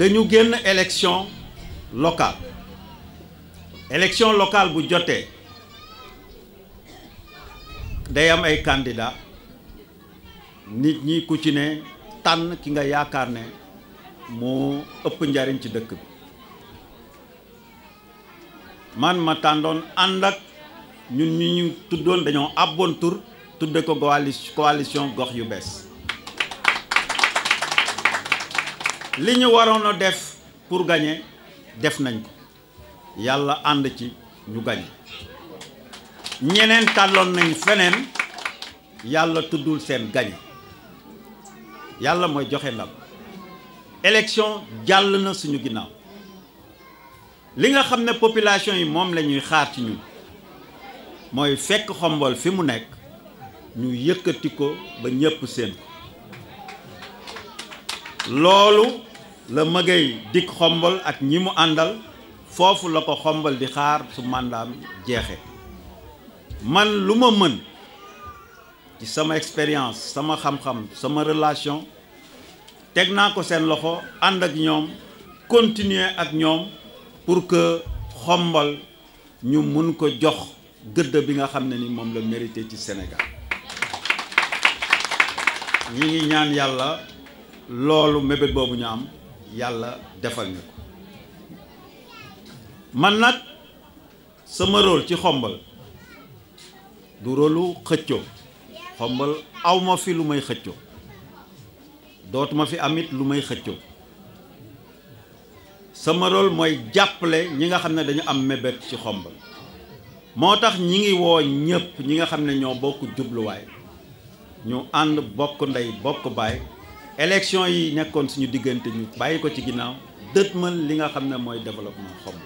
dañu génn élection locale élection locale bu jotee day am ay candidat nit ñi ku ci ne tànn ki nga yaakaar ne moo ëpp njariñ ci dëkk bi man ma tàndoon ànd ak ñun ñi ñu tuddoon dañoo àbboon tur tudde ko coalition gox yu bees li ñu waroon a def pour gañe def nañ ko yàlla ànd ci ñu gagner ñeneen tàlloon nañu feneen yàlla tuddul seen gagner yàlla mooy joxe ndam élection jàll na suñu ginnaaw li nga xam ne population yi moom lañuy ñuy xaar ci ñun mooy fekk xombol fi mu nekk ñu yëkkati ko ba ñëpp seen ko loolu la magay dikk xombal ak ñi mu àndal foofu la ko xombal di xaar su màndaam jeexe man lu ma mën ci sama expérience sama xam-xam sama relation teg naa ko seen loxo ànd ak ñoom continuer ak ñoom pour que xombal ñu mun ko jox gëdd bi nga xam ne ni moom la mérité ci Sénégal ñi ngi ñaan yàlla loolu mébét boobu ñu am yàlla defal ñu ko man nag sama rôle ci xombal du rôlu xëccoo xombal awma fi lu may xëccoo dootuma fi amit lu may xëccoo sama rôle mooy jàppale ñi nga xam ne dañu am mebet ci xombal moo tax ñi ngi woo ñëpp ñi nga xam ne ñoo bokk jubluwaay ñu ànd bokk ndey bokk baay élection yi nekkoon suñu diggante ñu bàyyi ko ci ginnaaw dëtmal li nga xam ne mooy développement xomm